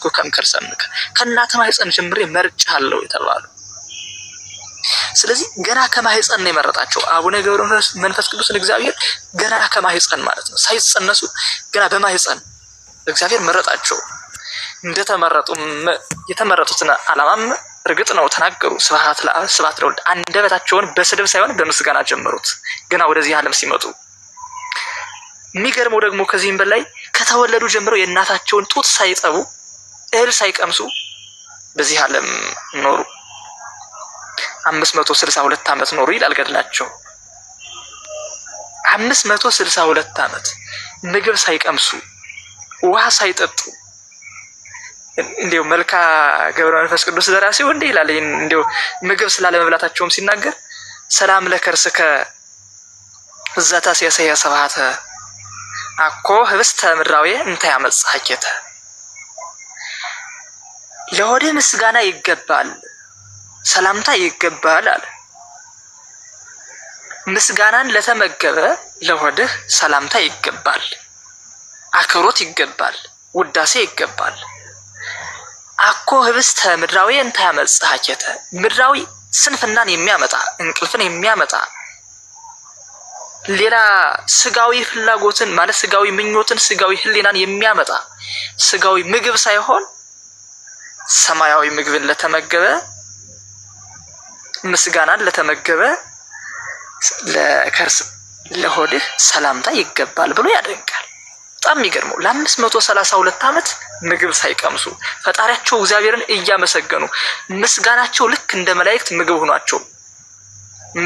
ተነስኮ ከንከር ሰምከ ከእናት ማህፀን ጀምሬ መርጫ የተባሉ ስለዚህ ገና ከማህፀን ነው የመረጣቸው አቡነ ገብረ መንፈስ ቅዱስን እግዚአብሔር ገና ከማህፀን ማለት ነው። ሳይጸነሱ ገና በማህፀን እግዚአብሔር መረጣቸው። እንደተመረጡ የተመረጡትን አላማም እርግጥ ነው ተናገሩ። ስብሐት ለአብ ስብሐት ለወልድ። አንደበታቸውን በስድብ ሳይሆን በምስጋና ጀመሩት ገና ወደዚህ ዓለም ሲመጡ። የሚገርመው ደግሞ ከዚህም በላይ ከተወለዱ ጀምሮ የእናታቸውን ጡት ሳይጠቡ እህል ሳይቀምሱ በዚህ ዓለም ኖሩ። አምስት መቶ ስልሳ ሁለት ዓመት ኖሩ ይላል ገድላቸው። አምስት መቶ ስልሳ ሁለት ዓመት ምግብ ሳይቀምሱ ውሃ ሳይጠጡ እንዲው መልካ ገብረ መንፈስ ቅዱስ ደራሲው እንዲህ ይላል። እንዲው ምግብ ስላለመብላታቸውም ሲናገር ሰላም ለከርስከ እዛታ ሲያሰያ ሰባተ አኮ ህብስተ ምድራዊ እንታ ያመጽ ሀኬተ ለሆድህ ምስጋና ይገባል፣ ሰላምታ ይገባል አለ። ምስጋናን ለተመገበ ለሆድህ ሰላምታ ይገባል፣ አክብሮት ይገባል፣ ውዳሴ ይገባል። አኮ ህብስተ ምድራዊ እንታያመጽ ሀኬተ ምድራዊ ስንፍናን የሚያመጣ እንቅልፍን የሚያመጣ ሌላ ስጋዊ ፍላጎትን ማለት ስጋዊ ምኞትን፣ ስጋዊ ህሊናን የሚያመጣ ስጋዊ ምግብ ሳይሆን ሰማያዊ ምግብን ለተመገበ ምስጋናን ለተመገበ ለከርስ ለሆድህ ሰላምታ ይገባል ብሎ ያደንቃል። በጣም የሚገርመው ለአምስት መቶ ሰላሳ ሁለት ዓመት ምግብ ሳይቀምሱ ፈጣሪያቸው እግዚአብሔርን እያመሰገኑ ምስጋናቸው ልክ እንደ መላእክት ምግብ ሆኗቸው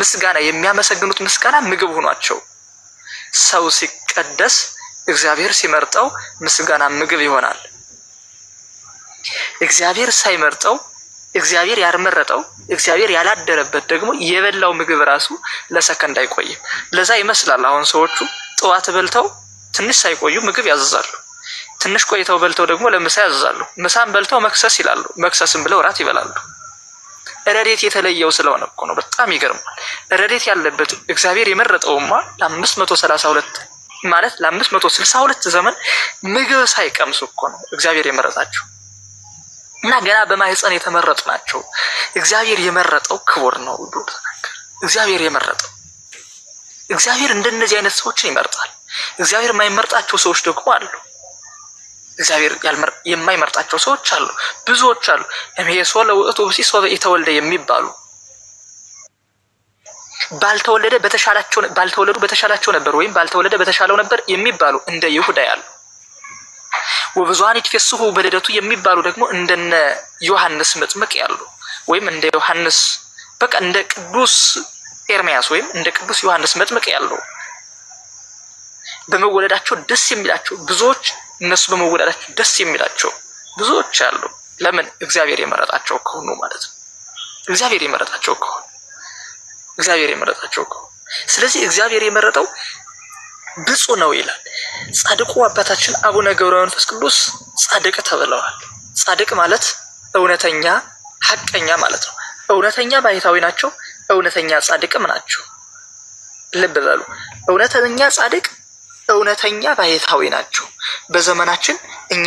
ምስጋና የሚያመሰግኑት ምስጋና ምግብ ሆኗቸው ሰው ሲቀደስ እግዚአብሔር ሲመርጠው ምስጋና ምግብ ይሆናል። እግዚአብሔር ሳይመርጠው እግዚአብሔር ያልመረጠው እግዚአብሔር ያላደረበት ደግሞ የበላው ምግብ ራሱ ለሰከንድ አይቆይም። ለዛ ይመስላል አሁን ሰዎቹ ጠዋት በልተው ትንሽ ሳይቆዩ ምግብ ያዘዛሉ። ትንሽ ቆይተው በልተው ደግሞ ለምሳ ያዘዛሉ። ምሳን በልተው መክሰስ ይላሉ። መክሰስም ብለው እራት ይበላሉ። ረዴት የተለየው ስለሆነ እኮ ነው። በጣም ይገርማል። ረዴት ያለበት እግዚአብሔር የመረጠውማ ለአምስት መቶ ሰላሳ ሁለት ማለት ለአምስት መቶ ስልሳ ሁለት ዘመን ምግብ ሳይቀምሱ እኮ ነው እግዚአብሔር የመረጣቸው። እና ገና በማህፀን የተመረጡ ናቸው። እግዚአብሔር የመረጠው ክቡር ነው ብሎ ተናገረ። እግዚአብሔር የመረጠው እግዚአብሔር እንደነዚህ አይነት ሰዎችን ይመርጣል። እግዚአብሔር የማይመርጣቸው ሰዎች ደግሞ አሉ። እግዚአብሔር የማይመርጣቸው ሰዎች አሉ፣ ብዙዎች አሉ። እምሄሶ ለውእቱ ብእሲሶ የተወልደ የሚባሉ ባልተወለደ በተሻላቸው ባልተወለዱ በተሻላቸው ነበር ወይም ባልተወለደ በተሻለው ነበር የሚባሉ እንደ ይሁዳ ያሉ ወብዙሃን ይትፌስሑ በልደቱ የሚባሉ ደግሞ እንደነ ዮሐንስ መጥምቅ ያሉ ወይም እንደ ዮሐንስ በቃ እንደ ቅዱስ ኤርሚያስ ወይም እንደ ቅዱስ ዮሐንስ መጥምቅ ያሉ በመወለዳቸው ደስ የሚላቸው ብዙዎች እነሱ በመወለዳቸው ደስ የሚላቸው ብዙዎች አሉ። ለምን እግዚአብሔር የመረጣቸው ከሆኑ ማለት ነው። እግዚአብሔር የመረጣቸው ከሆኑ እግዚአብሔር የመረጣቸው ከሆኑ ስለዚህ እግዚአብሔር የመረጠው ብፁ ነው ይላል። ጻድቁ አባታችን አቡነ ገብረ መንፈስ ቅዱስ ጻድቅ ተብለዋል። ጻድቅ ማለት እውነተኛ፣ ሐቀኛ ማለት ነው። እውነተኛ ባህታዊ ናቸው። እውነተኛ ጻድቅም ናቸው። ልብ በሉ። እውነተኛ ጻድቅ፣ እውነተኛ ባህታዊ ናቸው። በዘመናችን እኛ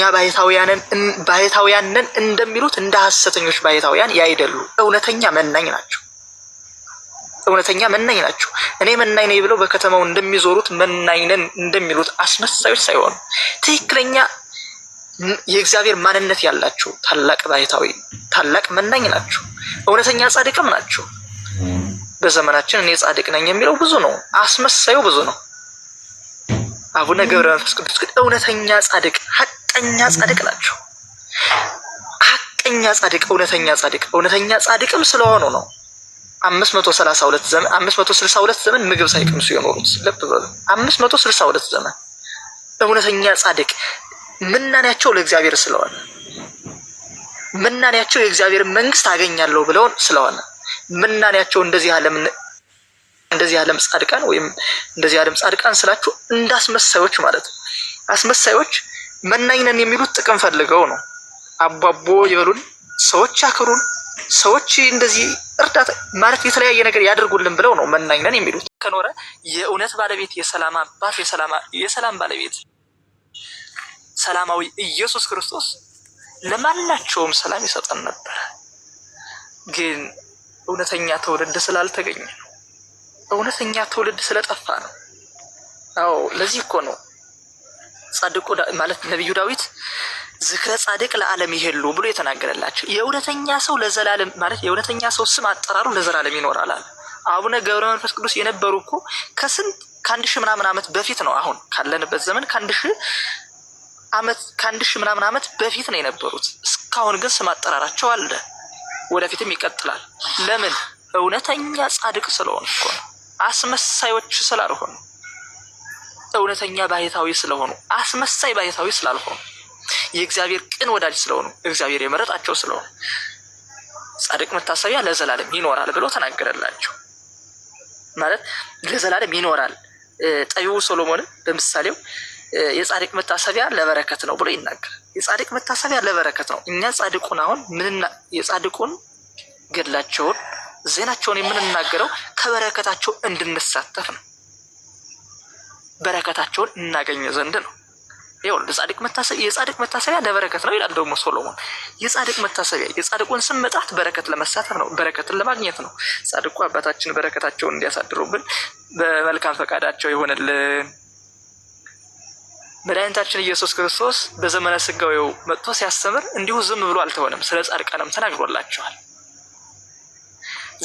ባህታውያንን እንደሚሉት እንደ ሀሰተኞች ባህታውያን ያይደሉ፣ እውነተኛ መናኝ ናቸው። እውነተኛ መናኝ ናቸው። እኔ መናኝ ነኝ ብለው በከተማው እንደሚዞሩት መናኝነን እንደሚሉት አስመሳዮች ሳይሆኑ ትክክለኛ የእግዚአብሔር ማንነት ያላቸው ታላቅ ባይታዊ ታላቅ መናኝ ናቸው። እውነተኛ ጻድቅም ናቸው። በዘመናችን እኔ ጻድቅ ነኝ የሚለው ብዙ ነው። አስመሳዩ ብዙ ነው። አቡነ ገብረ መንፈስ ቅዱስ ግን እውነተኛ ጻድቅ፣ ሀቀኛ ጻድቅ ናቸው። ሀቀኛ ጻድቅ፣ እውነተኛ ጻድቅ፣ እውነተኛ ጻድቅም ስለሆኑ ነው አምስት መቶ ሰላሳ ሁለት ዘመን አምስት መቶ ስልሳ ሁለት ዘመን ምግብ ሳይቀምሱ የኖሩት ልብ በሉ። አምስት መቶ ስልሳ ሁለት ዘመን እውነተኛ ጻድቅ ምናኔያቸው ለእግዚአብሔር ስለሆነ ምናኔያቸው የእግዚአብሔር መንግስት አገኛለሁ ብለውን ስለሆነ ምናኔያቸው እንደዚህ ዓለም እንደዚህ ዓለም ጻድቃን ወይም እንደዚህ ዓለም ጻድቃን ስላችሁ እንደ አስመሳዮች ማለት ነው። አስመሳዮች መናኝነን የሚሉት ጥቅም ፈልገው ነው። አቧቦ ይበሉን፣ ሰዎች ያክሩን ሰዎች እንደዚህ እርዳታ ማለት የተለያየ ነገር ያደርጉልን ብለው ነው መናኝ ነን የሚሉት። ከኖረ የእውነት ባለቤት የሰላም አባት የሰላም ባለቤት ሰላማዊ ኢየሱስ ክርስቶስ ለማናቸውም ሰላም ይሰጠን ነበር። ግን እውነተኛ ትውልድ ስላልተገኘ ነው። እውነተኛ ትውልድ ስለጠፋ ነው። አዎ ለዚህ እኮ ነው ጻድቁ ማለት ነቢዩ ዳዊት ዝክረ ጻድቅ ለዓለም ይሄሉ ብሎ የተናገረላቸው የእውነተኛ ሰው ለዘላለም ማለት የእውነተኛ ሰው ስም አጠራሩ ለዘላለም ይኖራል አለ። አቡነ ገብረ መንፈስ ቅዱስ የነበሩ እኮ ከስንት ከአንድ ሺህ ምናምን ዓመት በፊት ነው። አሁን ካለንበት ዘመን ከአንድ ሺህ ዓመት ከአንድ ሺህ ምናምን ዓመት በፊት ነው የነበሩት። እስካሁን ግን ስም አጠራራቸው አለ፣ ወደፊትም ይቀጥላል። ለምን? እውነተኛ ጻድቅ ስለሆኑ እኮ ነው። አስመሳዮች ስላልሆኑ፣ እውነተኛ ባህታዊ ስለሆኑ፣ አስመሳይ ባህታዊ ስላልሆኑ የእግዚአብሔር ቅን ወዳጅ ስለሆኑ እግዚአብሔር የመረጣቸው ስለሆኑ ጻድቅ መታሰቢያ ለዘላለም ይኖራል ብሎ ተናገረላቸው። ማለት ለዘላለም ይኖራል። ጠቢቡ ሶሎሞንም በምሳሌው የጻድቅ መታሰቢያ ለበረከት ነው ብሎ ይናገራል። የጻድቅ መታሰቢያ ለበረከት ነው። እኛ ጻድቁን አሁን ምንና የጻድቁን ገድላቸውን ዜናቸውን የምንናገረው ከበረከታቸው እንድንሳተፍ ነው። በረከታቸውን እናገኘ ዘንድ ነው። የጻድቅ መታሰቢያ የጻድቅ መታሰቢያ ለበረከት ነው ይላል ደግሞ ሶሎሞን። የጻድቅ መታሰቢያ የጻድቁን ስም መጥራት በረከት ለመሳተፍ ነው፣ በረከትን ለማግኘት ነው። ጻድቁ አባታችን በረከታቸውን እንዲያሳድሩብን በመልካም ፈቃዳቸው ይሆንልን። መድኃኒታችን ኢየሱስ ክርስቶስ በዘመነ ስጋዌው መጥቶ ሲያስተምር እንዲሁ ዝም ብሎ አልተሆነም፣ ስለ ጻድቃንም ተናግሮላቸዋል።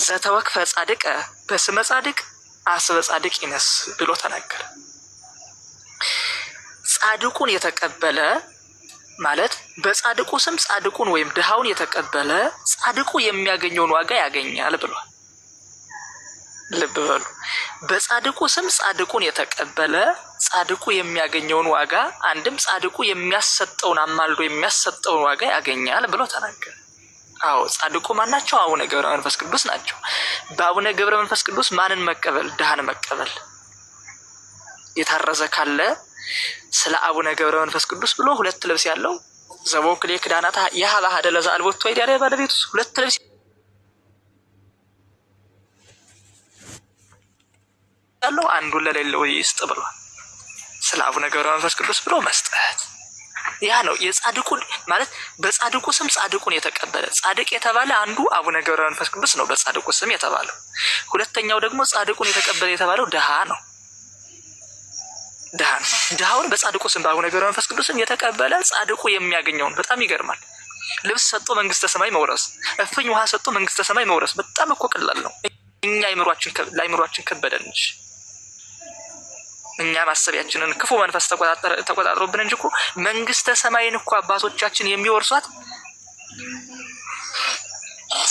ዘተወክፈ ጻድቀ በስመ ጻድቅ አስበ ጻድቅ ይነስ ብሎ ተናገረ። ጻድቁን የተቀበለ ማለት በጻድቁ ስም ጻድቁን ወይም ድሃውን የተቀበለ ጻድቁ የሚያገኘውን ዋጋ ያገኛል ብሏል። ልብ በሉ። በጻድቁ ስም ጻድቁን የተቀበለ ጻድቁ የሚያገኘውን ዋጋ አንድም ጻድቁ የሚያሰጠውን አማልዶ የሚያሰጠውን ዋጋ ያገኛል ብሎ ተናገረ። አዎ ጻድቁ ማን ናቸው? አቡነ ገብረ መንፈስ ቅዱስ ናቸው። በአቡነ ገብረ መንፈስ ቅዱስ ማንን መቀበል? ድሃን መቀበል የታረዘ ካለ ስለ አቡነ ገብረ መንፈስ ቅዱስ ብሎ ሁለት ልብስ ያለው ዘቦክሌ ክዳናት የሀባ ሀደለዛ አልቦቶ ይዲያ ባለቤቱ ሁለት ልብስ ያለው አንዱን ለሌለው ይስጥ ብሏል። ስለ አቡነ ገብረ መንፈስ ቅዱስ ብሎ መስጠት ያ ነው የጻድቁን ማለት በጻድቁ ስም ጻድቁን የተቀበለ ጻድቅ የተባለ አንዱ አቡነ ገብረ መንፈስ ቅዱስ ነው፣ በጻድቁ ስም የተባለው ሁለተኛው ደግሞ ጻድቁን የተቀበለ የተባለው ድሃ ነው። ድሃ ነው። ድሃውን በጻድቁ ስም በአቡነ ገብረ መንፈስ ቅዱስም የተቀበለ ጻድቁ የሚያገኘውን በጣም ይገርማል። ልብስ ሰጥቶ መንግስተ ሰማይ መውረስ፣ እፍኝ ውሃ ሰጥቶ መንግስተ ሰማይ መውረስ በጣም እኮ ቀላል ነው። እኛ ለአይምሯችን ከበደን እንጂ እኛ ማሰቢያችንን ክፉ መንፈስ ተቆጣጥሮብን እንጂ እኮ መንግስተ ሰማይን እኮ አባቶቻችን የሚወርሷት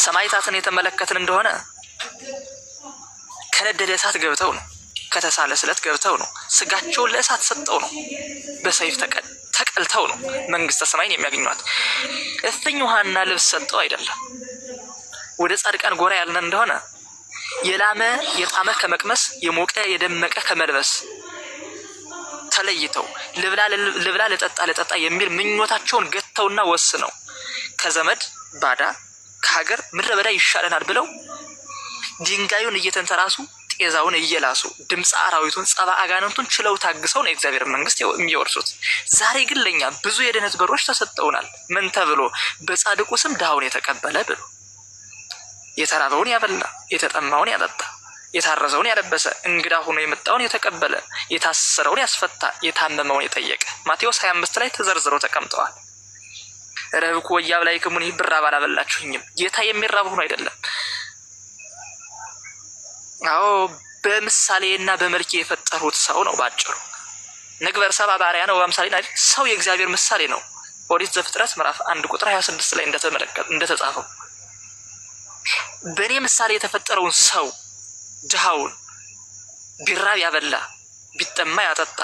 ሰማይታትን የተመለከትን እንደሆነ ከነደደ እሳት ገብተው ነው ከተሳለ ስለት ገብተው ነው። ስጋቸውን ለእሳት ሰጠው ነው። በሰይፍ ተቀልተው ነው መንግስተ ሰማይን የሚያገኟት። እፍኝ ውሃና ልብስ ሰጠው አይደለም። ወደ ጻድቃን ጎራ ያልነን እንደሆነ የላመ የጣመ ከመቅመስ የሞቀ የደመቀ ከመልበስ ተለይተው ልብላ ልጠጣ ልጠጣ የሚል ምኞታቸውን ገተውና ወስነው ከዘመድ ባዳ ከሀገር ምድረ በዳ ይሻለናል ብለው ድንጋዩን እየተንተራሱ ጤዛውን እየላሱ ድምፅ አራዊቱን ጸባ አጋንንቱን ችለው ታግሰው ነው የእግዚአብሔር መንግስት የሚወርሱት። ዛሬ ግን ለእኛ ብዙ የድህነት በሮች ተሰጠውናል። ምን ተብሎ በጻድቁ ስም ድሃውን የተቀበለ ብሎ የተራበውን ያበላ የተጠማውን ያጠጣ የታረዘውን ያለበሰ እንግዳ ሆኖ የመጣውን የተቀበለ የታሰረውን ያስፈታ የታመመውን የጠየቀ ማቴዎስ 25 ላይ ተዘርዝረው ተቀምጠዋል። ረብኩ ወያብላዕክሙኒ ብራብ አላበላችሁኝም። ጌታ የሚራብ ሆኖ አይደለም አዎ በምሳሌና በመልክ የፈጠሩት ሰው ነው ባጭሩ። ንግበር ሰብአ በአርአያነ ወበምሳሌ ሰው የእግዚአብሔር ምሳሌ ነው። ኦሪት ዘፍጥረት ምዕራፍ አንድ ቁጥር 26 ላይ እንደተጻፈው በእኔ ምሳሌ የተፈጠረውን ሰው ድሃውን ቢራብ ያበላ፣ ቢጠማ ያጠጣ፣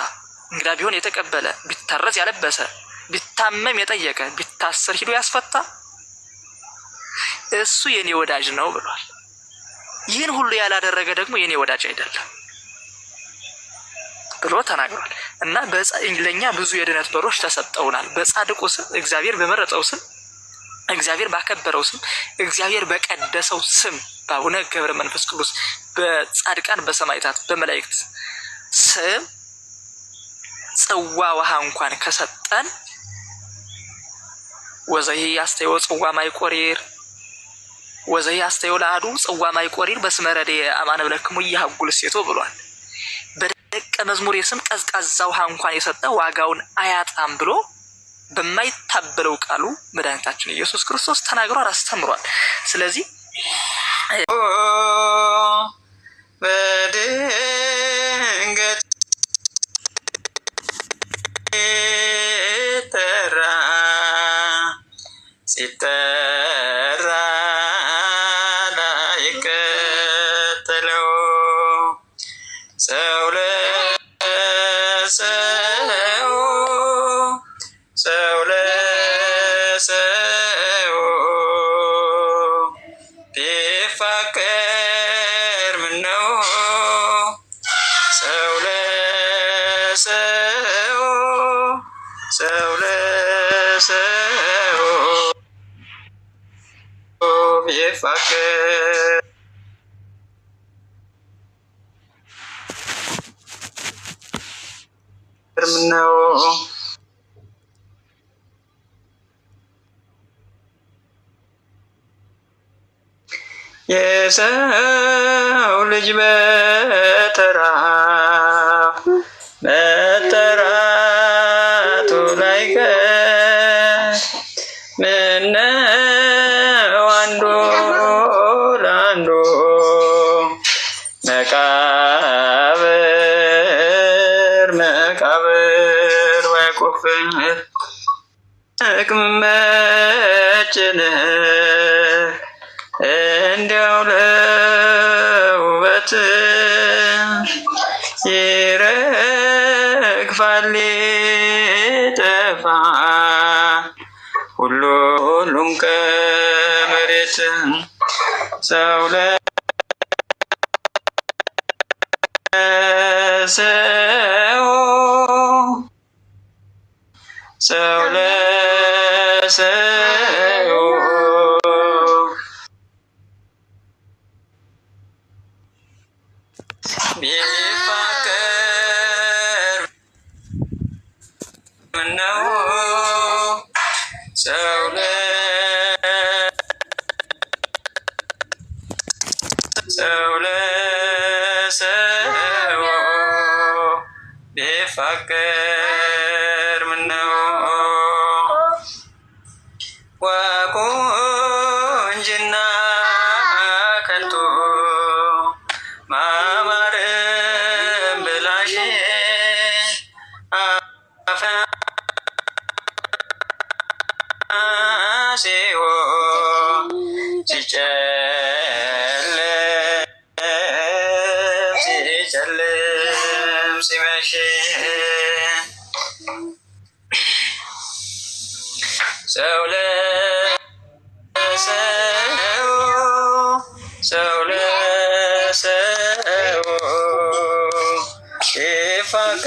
እንግዳ ቢሆን የተቀበለ፣ ቢታረዝ ያለበሰ፣ ቢታመም የጠየቀ፣ ቢታሰር ሂዶ ያስፈታ እሱ የእኔ ወዳጅ ነው ብሏል። ይህን ሁሉ ያላደረገ ደግሞ የኔ ወዳጅ አይደለም ብሎ ተናግሯል። እና ለእኛ ብዙ የድነት በሮች ተሰጠውናል። በጻድቁ ስም እግዚአብሔር በመረጠው ስም እግዚአብሔር ባከበረው ስም እግዚአብሔር በቀደሰው ስም በአቡነ ገብረ መንፈስ ቅዱስ በጻድቃን በሰማይታት በመላእክት ስም ጽዋ ውሃ እንኳን ከሰጠን ወዘይ ያስተይወ ጽዋ ማይቆሪር ወዘይ አስተየው ለአዱ ጽዋ ማይቆሪን በስመረዴ አማነ ብለክሙ እያሀጉል ሴቶ ብሏል። በደቀ መዝሙር የስም ቀዝቃዛ ውሃ እንኳን የሰጠ ዋጋውን አያጣም ብሎ በማይታበለው ቃሉ መድኃኒታችን ኢየሱስ ክርስቶስ ተናግሯል፣ አስተምሯል። ስለዚህ በድንገት የሰው ልጅ በተራ መጠራቱ አይቀር ምነው አንዱ ለአንዱ መቃብር መቃብር ወይቁፍል ጥቅም እንደው ለውበት ይረግፋል ጠፋ ሁሉም ከመሬት ሰው ለሰው ሰው ለሰው ፈቅር ምነው ወቁንጅና ከንቱ ማማርም ብላሽ አፍናሴዎ ሲጨ ሰው ለሰው ይፋቀ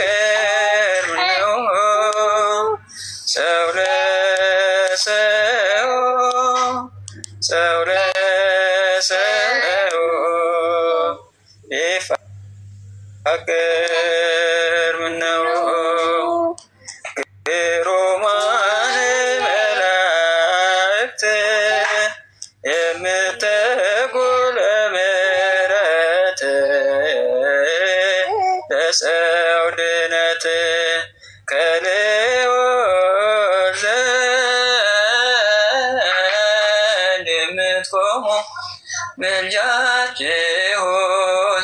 ምልጃችሁን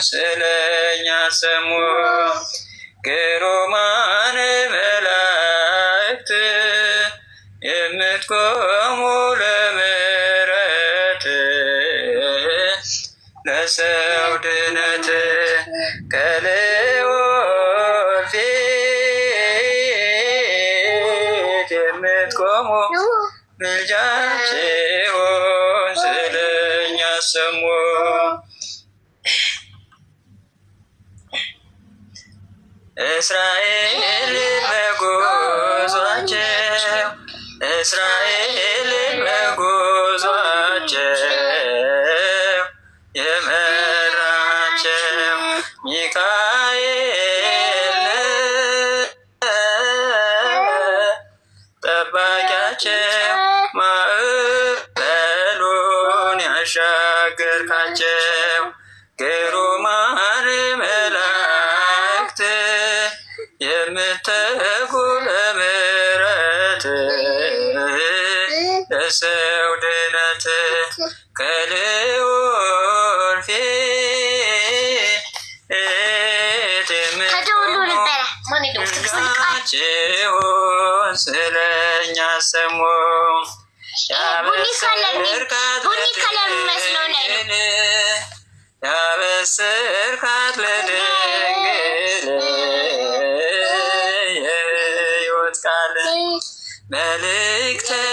ስለኛ ሰሙ ግሩማን መላእክት የምትቆሙ ለምሕረት ለሰው ድነት ከል እስራኤልን በጉዟቸው እስራኤልን በጉዟቸው የመራቸው ሚካኤል ድምፃቸውን ስለኛ ሰሙ። ያበስርካት ለድንግል የሕይወት ቃል መልእክት